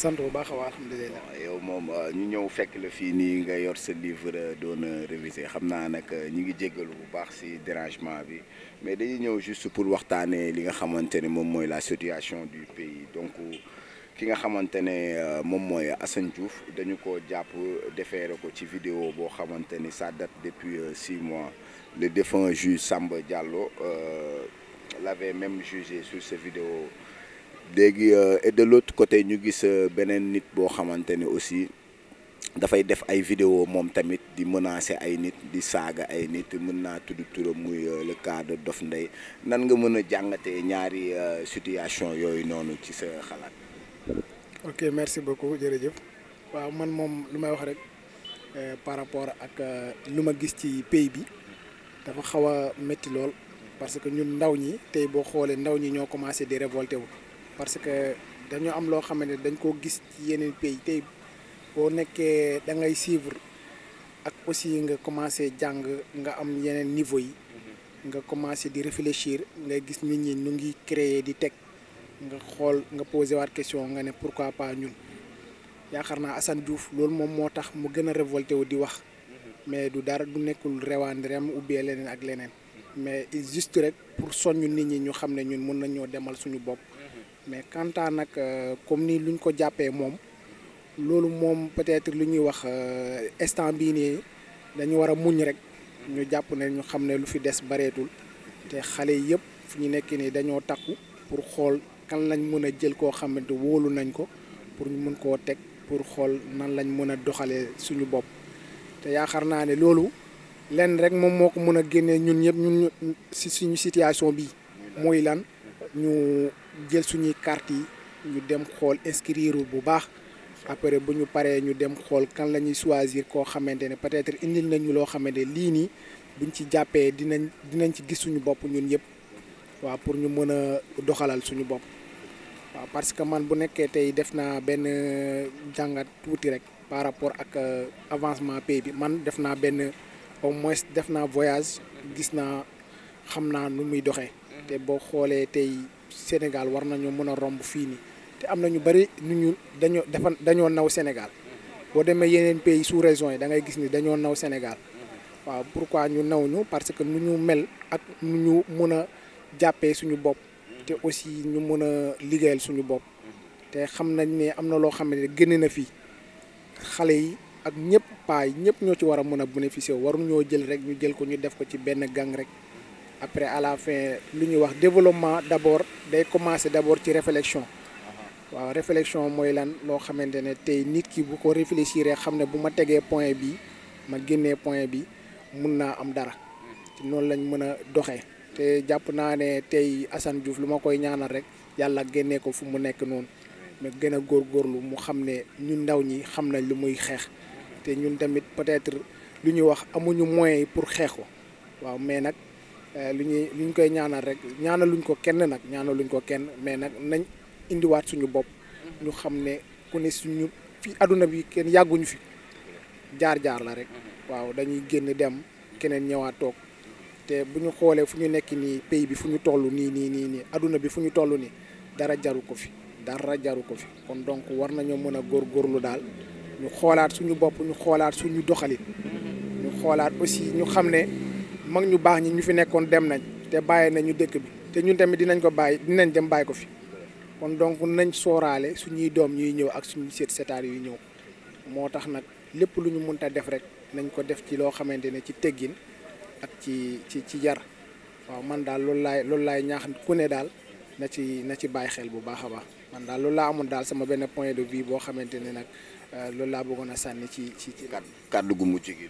sant bu baax waaw alhamdulilah. yow moom euh, ñu ñëw fekk la fii nii nga yor sa livre doon euh, réviser xam naa nag euh, ñu ngi jéggalu bu baax si dérangement bi mais dañuy ñëw juste pour waxtaanee li nga xamante ne moom mooy la situation du pays donc ki nga xamante ne moom mooy Assane Diouf dañu ko jàpp defeere ko ci vidéo boo xamante ni ça depuis six mois le défunt juge Samba Diallo l'avait même jugé sur cette vidéo léegi euh, et de l'autre côté ñu gis euh, beneen nit boo xamante ne aussi dafay def ay vidéo moom tamit di menacer ay nit di saaga ay nit mën naa tudd turam muy euh, le Dof ndey nan nga mën a jàngatee ñaari situation yooyu noonu ci sa xalaat. ok merci beaucoup jërëjëf waaw man moom lu may wax rek par rapport ak lu ma gis ci pays bi dafa xaw a métti lool parce que ñun ndaw ñi tey boo xoolee ndaw ñi ñoo commencé di révolté wu. parce que dañoo am loo xamante ne dañ koo gis ci yeneen pays tey boo nekkee da ngay suivre ak aussi nga commencé jàng nga am yeneen niveau yi nga commencé di réfléchir nga gis nit ñi ñu ngi créer di teg nga xool nga posé waat question nga ne pourquoi pas ñun yaakaar naa Assane Diouf loolu moom moo tax mu gën a révolté wu di wax mais du dara du nekkul rewaan rem ubbee leneen ak leneen mais juste rek pour soññ nit ñi ñu xam ne ñun mën nañoo demal suñu bopp mais quant à nag euh, comme ni luñ ko jàppee moom loolu moom peut-être lu ñuy wax euh, instant bii nii dañu war a muñ rek ñu jàpp ne ñu xam ne lu fi des bareetul te xale yëpp fi ñu nekk nii dañoo takku pour xool kan lañ mën a jël koo xamante wóolu nañ ko pour ñu mën koo teg pour xool nan lañ mën a doxalee suñu bopp te yaakaar naa ne loolu lenn rek moom moo ko mën a génnee ñun ñëpp ñun si suñu situation bi mooy lan ñu jël suñuy carte yi ñu dem xool inscrire bu baax après bu ñu paree ñu dem xool kan la ñuy choisir koo xamante ne peut-être indil nañu loo xamante ne lii nii buñ ci jàppee dinañ dinañ ci gis suñu bopp ñun yëpp waaw pour ñu mën a doxalal suñu bopp waaw parce que man bu nekkee tey def naa benn jàngat tuuti rek par rapport ak euh, avancement pays bi man def naa benn au moins def naa voyage gis naa xam naa nu muy doxee te boo xoolee tey Sénégal war nañu mën a romb fii nii te am na ñu bari nu ñu dañoo dafa dañoo naw Sénégal boo demee yeneen pays sous région yi da ngay gis ni dañoo naw Sénégal waaw pourquoi ñu naw ñu parce que nu ñu mel ak nu ñu mën a jàppee suñu bopp te aussi ñu mën a liggéeyal suñu bopp te xam nañ ne am na loo xam ne génne na fii xale yi ak ñëpp paay ñëpp ñoo ci war a mën a bénéficier waruñoo jël rek ñu jël ko ñu def ko ci benn gang rek après à la fin lu ñuy wax développement d' abord day commencer d' abord ci réflexion uh-huh. waaw réflexion mooy lan loo xamante ne tey nit ki bu ko réfléchir xam ne bu ma tegee point bi ma génnee point bi mun naa am dara ci mm-hmm. noonu lañ mën a doxee te jàpp naa ne tey Assane Diouf lu ma koy ñaanal rek yàlla génnee ko fu mu nekk noonu mm-hmm. mais gën a góorlu mu xam ne ñun ndaw ñi xam nañ lu muy xeex mm-hmm. te ñun tamit peut-être lu ñuy wax amuñu moyen yi pour xeex ko waaw mais nag Eh, lu ñuy lu ñu koy ñaanal rek ñaanaluñ ko kenn nag ñaanaluñ ko kenn mais nag nañ indiwaat suñu bopp ñu xam ne ku ne suñu fii àdduna bi kenn yàgguñu fi jaar-jaar la rek waaw dañuy génn dem keneen ñëwaat toog te bu ñu xoolee fu ñu nekk nii pays bi fu ñu toll nii nii nii nii àdduna bi fu ñu toll nii dara jaru ko fi dara jaru ko fi kon donc war nañoo mën a góor góorlu daal ñu xoolaat suñu bopp ñu xoolaat suñu doxalin ñu xoolaat aussi ñu xam ne mag ñu baax ñi ñu fi nekkoon dem nañ te bàyyi nañu dëkk bi te ñu tamit dinañ ko bàyyi dinañ dem bàyyi ko fi kon donc nañ sooraale suñuy doom ñuy ñëw ak suñuy seet setaar yuy ñëw moo tax nag lépp lu ñu mënta def rek nañ ko def ci loo xamante ne ci teggin ak ci ci ci yar waaw man daal loolu laay loolu laay ñaax ku ne daal na ci na ci bàyyi xel bu baax a baax man daal loolu laa amoon daal sama benn point de vue boo xamante ne nag euh, loolu laa bëggoon a sànni ci ci ci. kàddu gu mujj gi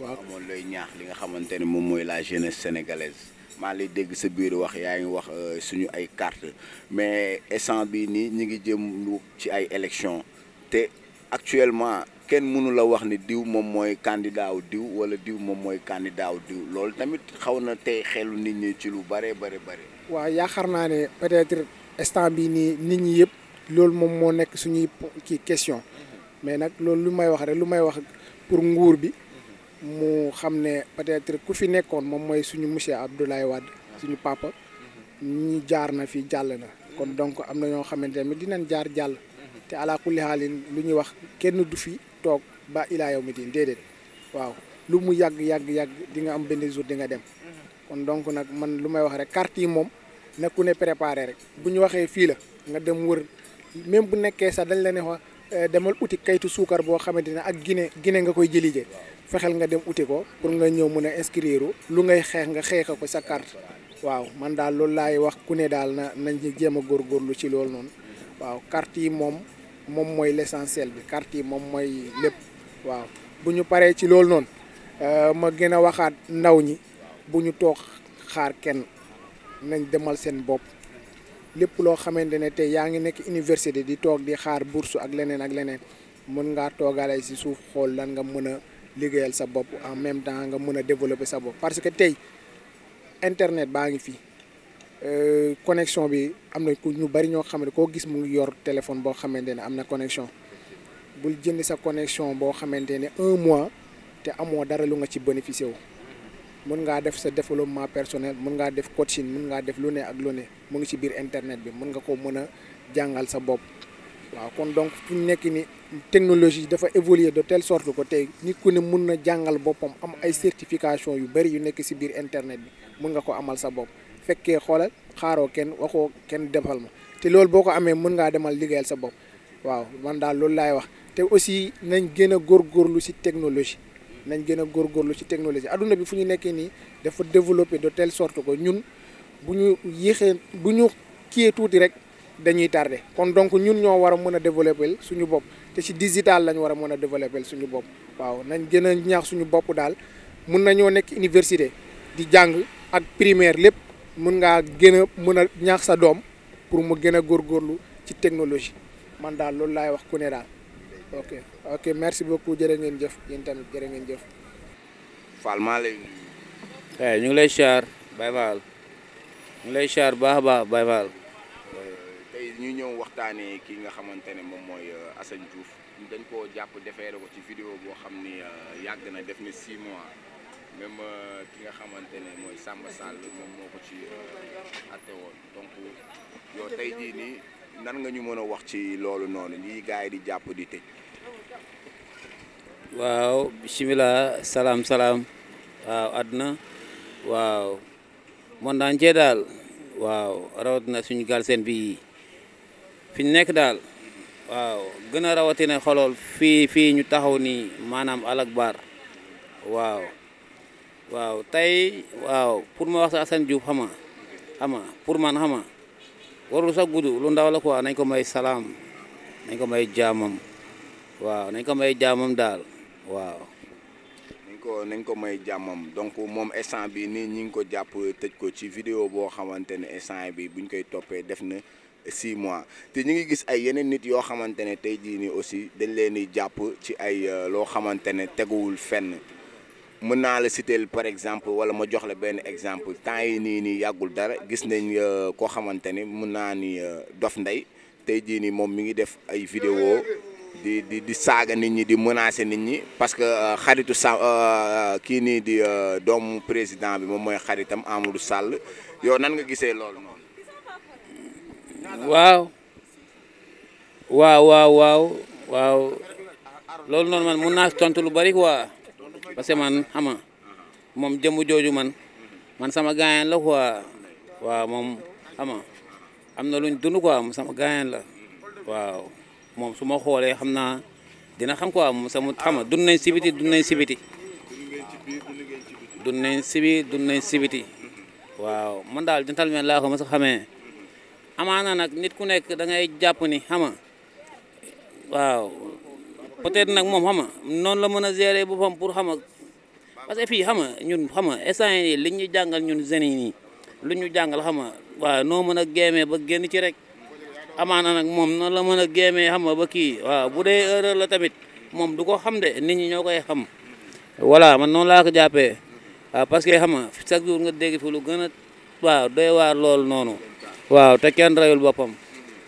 waaw amoon lay ñaax li nga xamante ne moom mooy la jeunesse sénégalaise maa lay dégg sa biiru wax yaa ngi wax euh, suñu ay carte mais instant bii nii ñi ngi jëm lu ci ay élection te actuellement kenn mënula wax ni diw moom mooy candidat wu diw wala diw moom mooy candidat wu diw loolu tamit xaw na tey xelu nit ñi ci lu bare bare bare waaw yaakaar naa ne peut-être instant bi nii nit ñi yëpp loolu moom moo nekk suñuy kii question mm-hmm. mais nag loolu lu may wax rek lu may bi mu xam ne peut-être ku fi nekkoon moom mooy suñu monsieur Abdoulaye Wade suñu papa ñi jaar na fi jàll na kon donc am na ñoo xamante ne dinañ jaar jàll te ala kulli lu ñuy wax kenn du fi toog ba ilaa yow mi din déedéet waaw lu mu yàgg yàgg yàgg di nga am benn jour di nga dem kon donc nag man lu may wax rek carte yi moom na ku ne préparé rek bu ñu waxee fii la nga dem wër même bu nekkee sax dañ la ne wax eh, demal uti kayitu suukar boo xamante ne ak Guinée Guinée nga koy jëlijee fexeel nga dem uti ko pour nga ñëw mën a inscrire lu ngay xeex nga xeexa ko sa carte waaw man daal loolu laay wax ku ne daal na nañ ci jéem a góorgóorlu ci loolu noonu waaw carte yi moom moom mooy l'essentiel bi carte yi moom mooy lépp waaw bu ñu paree ci loolu noonu euh, ma gën a waxaat ndaw ñi bu ñu toog xaar kenn nañ demal seen bopp lépp loo xamante ne tey yaa ngi nekk université di toog di xaar bourse ak leneen ak leneen mën ngaa toogaale si suuf xool lan nga mën a liggéeyal sa bopp en même temps nga mën a développer sa bopp parce que tey internet baa ngi fi euh, connexion bi am na ku ñu bari ñoo xam ne koo gis mu ngi yor téléphone boo xamante ne am na connexion bul jënd sa connexion boo xamante ne un mois te amoo dara lu nga ci bénéficier wu mun ngaa def sa développement personnel mun ngaa def coaching mun ngaa def lu ne ak lu ne mu ngi ci biir internet bi mun nga ko mën a jàngal sa bopp waaw kon donc fu ñu nekk nii technologie dafa évoluer de telle sorte ko tey nit ku ne mun na jàngal boppam am ay certification yu bëri yu nekk si biir internet bi mun nga ko amal sa bopp fekkee xoolal xaaroo kenn waxoo kenn defal ma te loolu boo ko amee mën ngaa demal liggéeyal sa bopp waaw man daal loolu laay wax te aussi nañ gën a góorgóorlu si technologie nañ gën a góorgóorlu ci technologie àdduna bi fu ñu nekkee nii dafa développé de tell sorte ko ñun bu ñu yéexee bu ñu kiyee tuuti rek dañuy tardé kon donc ñun ñoo war a mën a développer suñu bopp te ci digital lañ war a mën a développer suñu bopp waaw nañ gën a ñaax suñu bopp daal mun nañoo nekk université di jàng ak primaire lépp mun ngaa gën a mën a ñaax sa doom pour mu gën a góorlu ci technologie man daal loolu laay wax ku ne daal ok ok merci beaucoup jëre ngeen jëf yéen tamit jërë ngeen jëf. Fall maa lay nuyu. Eh, ñu ngi lay siyaar Baye Fall ñu ngi lay siyaar baax a baax ñu ñëw waxtaanee kii nga xamante ne moom mooy euh, Assane Diouf dañ koo jàpp defeere ko ci vidéo boo xam ni euh, yàgg na def na six mois même euh, ki nga xamante ne mooy sàmba Sall moom moo ko ci atte woon donc yow tey jii nii nan nga ñu mën a wax ci loolu noonu lii gars yi di jàpp di tëj. waaw bisimilah salaam salaam waaw àddina waaw. monde entier daal waaw rawatina suñu seen bi. fi nekk daal waaw gën a rawatina xolool fii fii ñu taxaw nii maanaam alak bar waaw waaw tey waaw pour ma wax sa Assane xama xama pour man xama warul sax gudd lu ndaw la ko quoi nañ ko may salaam nañ ko may jaamam waaw nañ ko may jaamam daal waaw ko nañ ko may jàmmam donc moom instant bi nii ñi ko jàpp tëj ko ci vidéo boo xamante ne instant bi buñ koy toppee def na si mois te ñu ngi gis ay yeneen nit yoo xamante ne tey jii nii aussi dañ leen di jàpp ci ay euh, loo xamante ne teguwul fenn mën naa la citer par exemple wala ma jox la benn exemple temps yi nii nii yàggul dara gis nañ euh, koo xamante ne mën naa ni euh, Dof ndey tey jii nii moom mi ngi def ay vidéo di di di saaga nit ñi di menacer nit ñi parce que xaritu sa kii nii di doomu président bi moom mooy xaritam Amadou Sall yow nan nga gisee loolu noonu. waaw waaw waaw waaw loolu noonu man mun naa tontu lu bari quoi parce que man xama moom jëmu jooju man man sama gaañaan la kowaa waaw moom xama am na luñ dund quoi moom sama gaañaan la waaw moom su ma xoolee xam naa dina xam quoi moom sama xama dund nañ sibiti dund nañ sibiti dund nañ sibi dund nañ sibiti waaw man daal jantal men laa ko ma sa xamee amaana nag nit ku nekk da ngay jàpp ni xam waaw peut-être nag moom xam nga noonu la mën a gérer boppam pour xam nga parce que fii xam nga ñun xam nga instant yii li ñu jàngal ñun jeunes ni nii lu ñu jàngal xam nga waaw noo mën a géemee ba génn ci rek amaana nag moom noonu la mën a géemee xam nga ba kii waaw bu dee erreur la tamit moom du ko xam de nit ñi ñoo koy xam wala ma noonu laa ko jàppee waaw parce que xam nga chaque nga dégg fi lu gën a waaw doy waar loolu noonu. waaw te kenn rayul boppam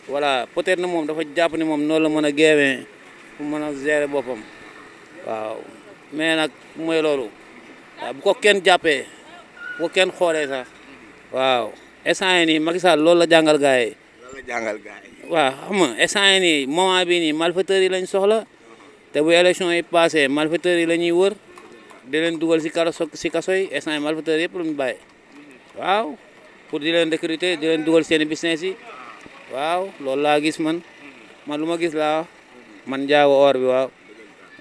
voilà peut-être moom dafa jàpp ni moom noonu la mën a géemee pour mën a gérer boppam waaw mais nag mooy loolu waaw bu ko kenn jàppee bu ko kenn xoolee sax waaw instant yii nii Macky loolu la jàngal gars jàngal gars yi. waaw xam nga instant yii nii moment bii nii malfaiteurs yi lañ soxla te bu élection i passé malfaiteurs yi la ñuy wër di leen dugal si kaso si kaso yi instant yëpp lañu ñu waaw. pour di leen recruter di leen dugal seen business yi waaw loolu laa gis man man lu ma gis laa man njaago or bi waaw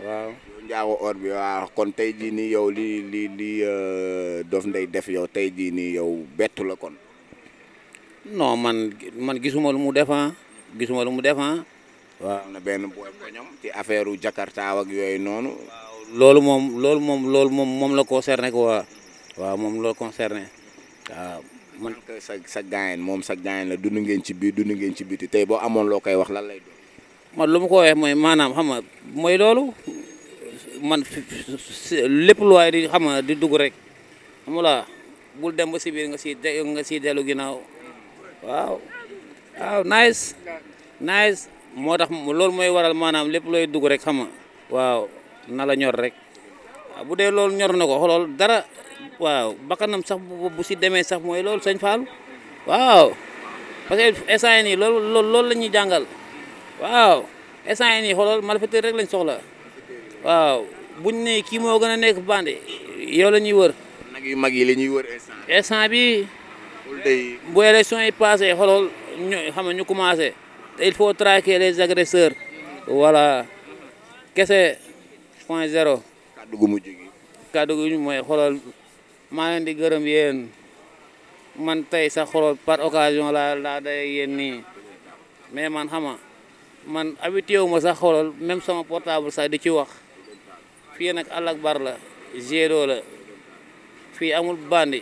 waaw or bi waaw kon tey jii nii yow li li li euh, Dof ndey def yow tey jii nii yow bettu la kon non man man gisuma lu mu defan ah. gisuma lu mu defan ah. waaw na benn booy ñoom ci affaire Jakarta ak yooyu noonu loolu moom loolu moom loolu moom moom la concerné quoi waaw moom la concerné waaw man ko sa sa gaayen moom sa gaayen la dund ngeen ci biir dund ngeen ci biti tey boo amoon loo koy wax lan lay doon. man lu ma ko waxee mooy maanaam xam nga mooy loolu man lépp lu waay di xam nga di dugg rek xam bul dem ba si biir nga si nga si dellu ginnaaw waaw waaw nice nice moo tax loolu mooy waral maanaam lépp looy dugg rek xama nga waaw na la ñor rek. bu dee loolu ñor na ko xoolal dara waaw bakkanam sax bu si demee sax mooy loolu sañ Fallou waaw parce que instant yii nii loolu loolu loolu la ñuy jàngal waaw instant yii nii xoolal malfaiteur rek lañ soxla waaw buñ ne kii moo gën a nekk bandi yow la wër. nag yu mag yi la ñuy wër bi bu élection yi passé xoolal ñu xam nga ñu commencé il faut traquer les agresseurs voilà kese point zéro. kàddu gu mujj gi. kàddu maa leen di gërëm yéen man tey sax xoolal par occasion laa laa day yéen nii mais man xama man habitué wu ma sax xoolal même sama portable sax di ci wax fii nag àll bar la gédo la fii amul bandi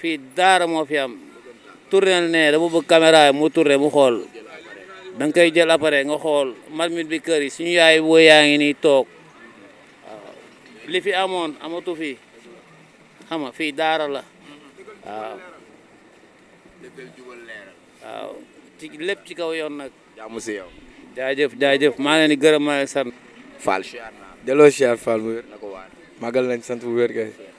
fii daara moo fi am tournel ne dama bëgg mu tourné mu xool da nga koy jël appareil nga xool marmite bi kër yi suñu yaay boo ngi nii toog li fi amoon amatu fi xam nga fii daara la waaw. waaw ci lépp ci kaw yoon nag. jaamu si yow. jaajëf jaajëf maa leen di gërëm maa leen sant. Fall delloo siyaar Fall bu wér. na ko waay màggal nañ sant bu wér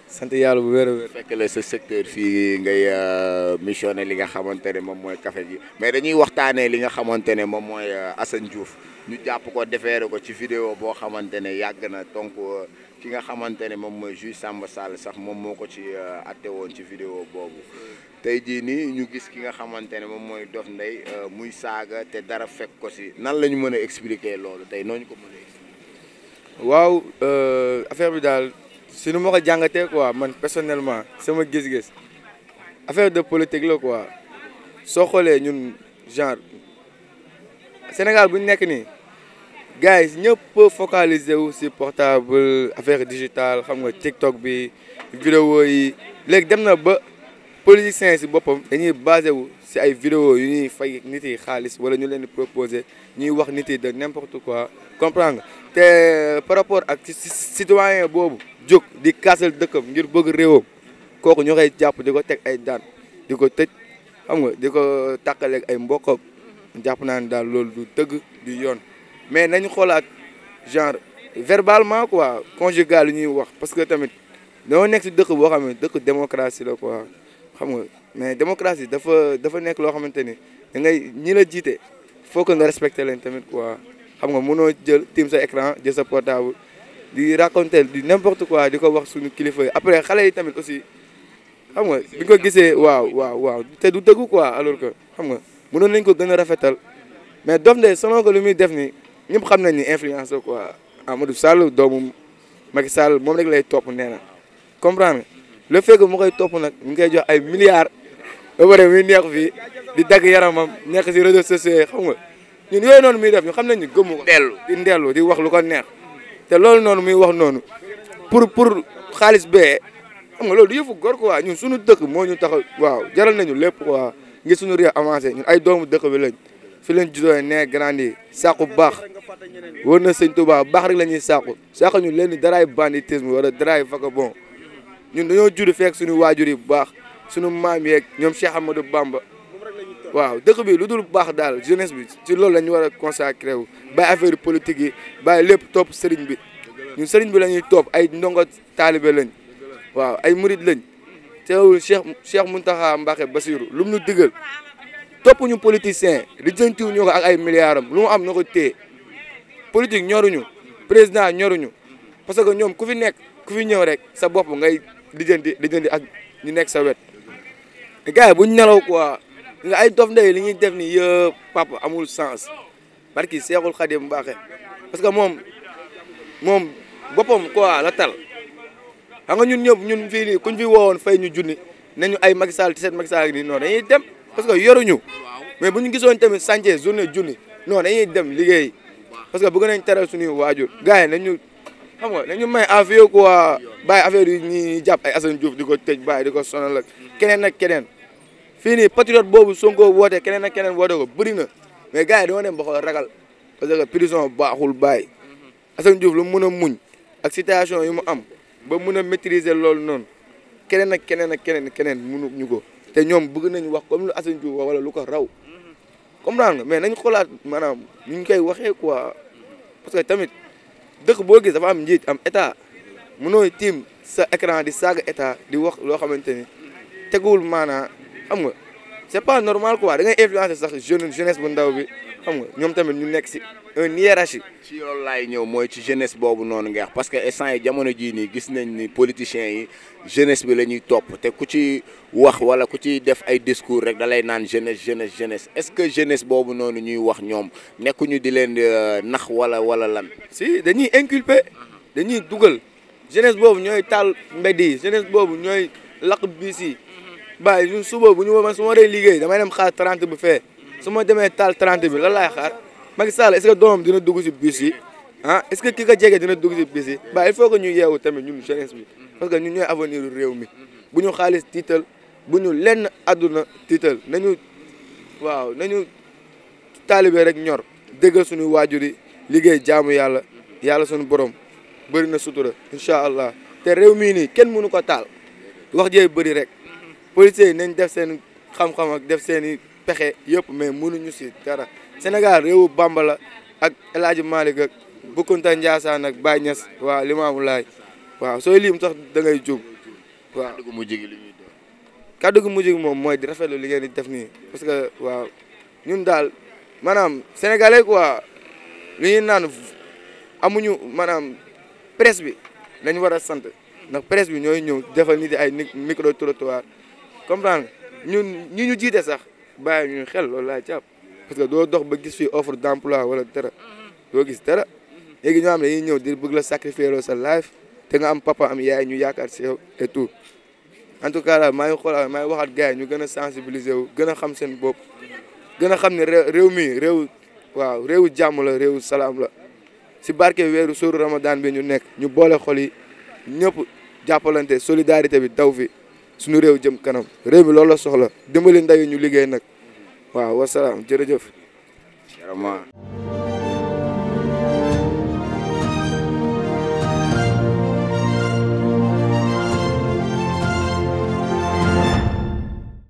sant yàlla bu wér a fekk la sa secteur fii ngay euh, mission li nga xamante ne moom mooy kafe gi mais dañuy waxtaanee li nga xamante ne moom mooy euh, Assane Diouf ñu jàpp ko defeere ko ci vidéo boo xamante ne yàgg na tonk ki nga xamante ne moom mooy juge Samba Sall sax moom moo ko ci euh, atte woon ci vidéo boobu tey jii nii ñu gis ki nga xamante ne moom mooy Dof Ndeye euh, muy saaga te dara fekk ko si nan la ñu mën a expliquer loolu tey nooñu ko mën a expliquer waaw euh, affaire bi daal si nu ma ko jàngatee quoi man personnellement sama gis-gis affaire de politique la quoi soo xoolee ñun genre Sénégal bu nekk nii. gars yi ñëpp focaliser wu si portable affaire digitale xam nga TikTok bi vidéo yi léegi dem na ba politiciens si boppam dañuy basé wu si ay vidéo yu ñuy fay nit yi xaalis wala ñu leen di proposer ñuy wax nit yi de n'importe quoi comprendre nga te par rapport ak ci citoyen boobu jóg di kaasal dëkkam ngir bëgg réewam kooku ñu koy jàpp di ko teg ay daan di ko tëj xam nga di ko tàqaleeg ay mbokkam jàpp naa ne daal loolu du dëgg du yoon mais nañu xoolaat genre verbalement quoi conjugal lu ñuy wax parce que tamit dañoo nekk si dëkk boo xam ne dëkk démocratie la quoi xam nga mais démocratie dafa dafa nekk loo xamante ni da ngay ñi la jiite faut nga respecté leen tamit quoi xam nga mënoo jël tiim sa écran jël sa portable di raconter du n'importe quoi di ko wax suñu kilifa yi après xale yi tamit aussi xam nga bi ko gisee waaw waaw waaw te du dëggu quoi alors que xam nga mënoon nañ ko gën a rafetal mais dof de selon que lu muy def ni ñëpp xam nañ ni influence quoi Amadou Sall doomu Macky Sall moom rek lay topp nee na comprendre le fait que mu koy topp nag mu ngi koy jox ay milliards ba pare muy neex di dagg yaramam nekk si réseaux sociaux yi xam nga ñun yooyu noonu muy def xam nañ ni gëmmu ko. dellu di ndellu di wax lu ko neex te loolu noonu muy wax noonu pour pour xaalis bee xam nga loolu du yëfu góor quoi ñun suñu dëkk moo ñu taxaw waaw jaral nañu lépp quoi ngir suñu réew avancé ay doomu dëkk bi lañ. fi leen juddoo nee grandi sàqu baax wër na sëñ Tuubaa baax rek la ñuy sàqu sàqu ñu leen ni daraay banditisme wala daraay vagabond ñun dañoo judd fekk suñu waajur yi bu baax suñu maam yeeg ñoom Cheikh Amadou Bamba waaw dëkk bi lu dul baax daal jeunesse bi ci loolu la ñu war a consacré wu bàyyi affaire politique yi bàyyi lépp topp sëriñ bi ñun sëriñ bi la ñuy topp ay ndongo taalibe lañ waaw ay murid lañ teewul Cheikh Cheikh Mountakha Mbacké Bassirou lu mu ñu digal topp ñu politicien lijjantiwu ñu ko ak ay milliards am lu mu am na ko téye politique ñoruñu président ñoruñu parce que ñoom ku fi nekk ku fi ñëw rek sa bopp ngay lijjanti lijjanti ak ñu nekk sa wet gars yi buñ nelaw quoi nga ay dof ndey li ñuy def ni yëpp papa amul sens barki Seexul Xadim Mbàkke parce que moom moom boppam quoi la tal xam nga ñun ñëpp ñun fii nii kuñ fi woowoon fay ñu junni nañu ay Macky Sall ti seen Macky Sall ak nii noonu dañuy dem parce que yoruñu mais bu ñu gisoon tamit sàncee journée julli non dañuy dem liggéey parce que bëgg nañ teral suñuy waajur gars yi nañu xam nga dañu may affaire quoi bàyyi affaire yi ñuy jàpp ay Assane di ko tëj bàyyi di ko sonal ak keneen ak keneen fii nii patriote boobu Sonko woote keneen ak keneen woote ko bëri na mais gars yi dañoo dem ba ko ragal parce que prison baaxul bàyyi mhm. Assane Diouf lu mun a muñ ak situation yu mu am ba mun a maîtriser loolu noonu keneen ak keneen ak keneen keneen munu ñu ko te ñoom bëgg nañu wax comme lu Assane Diouf wala lu ko raw comprendre nga mais nañ xoolaat maanaam ñu ngi koy waxee quoi parce que tamit dëkk boo gis dafa am njiit am état mënoo tiim sa écran di saaga état di wax loo xamante ni teguwul maanaa am nga c'est pas normal quoi da ngay influencer sax jeune jeunesse bu ndaw bi xam nga ñoom tamit ñu nekk si un hiérarchie. ci loolu laay ñëw mooy ci jeunesse boobu noonu nga wax parce que instant yi jamono jii nii gis nañ ni politiciens yi jeunesse bi la ñuy topp te ku ci wax wala ku ci def ay discours rek dalay lay naan jeunesse jeunesse jeunesse est-ce que jeunesse boobu noonu ñuy wax ñoom nekkuñu di leen euh, nax wala wala lan. si dañuy inculper dañuy dugal jeunesse boobu ñooy taal mbedd yi jeunesse boobu ñooy lakk bis yi baa ñun bu ñu ma su ma dee liggéey damay dem xaar 30 bu fee su ma demee taal 30 bi lan laay Macky Sall est-ce que doomam dina dugg si bus yi ah est-ce que ki ko jege dina dugg si bus yi ba il faut que ñu yeewu tamit ñun jeunesse bi parce que ñun ñooy avenir réew mi bu ñu xaalis tiital bu ñu lenn àdduna tiital nañu waaw nañu taalibe rek ñor déggal suñu waajur yi liggéey jaamu yàlla yàlla suñu borom bëri na sutura incha allah te réew mii nii kenn mënu ko taal wax jee bëri rek policiers yi nañ def seen xam-xam ak def seen i pexe yëpp mais mënuñu si dara Sénégal réewu Bamba la ak El Hadj Malick ak Boukounta Ndiassane ak Baye Niass waaw Limaamu Laay waaw sooy lim sax da ngay jub waaw. kàddu gu mujj gi li ñuy doon. kàddu gu mujj gi moom mooy di rafetlu li ngeen di def nii parce que waaw ñun daal maanaam sénégalais quoi li ñuy naan amuñu maanaam presse bi lañ war a sant ndax presse bi ñooy ñëw defal nit ay micro trottoir comprendre ñun ñi ñu jiite sax bàyyi ñu xel loolu laa jàpp. parce que doo dox ba gis fii offre d' emploi wala dara doo gis dara léegi ñoo xam ne dañuy ñëw di bëgg la sacrifier loo sa life te nga am papa am yaay ñu yaakaar si yow et en tout cas daal maa ngi xoolaat maa ngi waxaat gars yi ñu gën a sensibiliser wu gën a xam seen bopp gën a xam ne réew mi réew waaw réewu jàmm la réewu salaam la si barke weeru sóoru ramadan bi ñu nekk ñu boole xol yi ñëpp jàppalante solidarité bi daw fi suñu réew jëm kanam réew mi loolu la soxla dimbali ndaw yi ñu liggéey nag waaw wasalaam jërëjëf.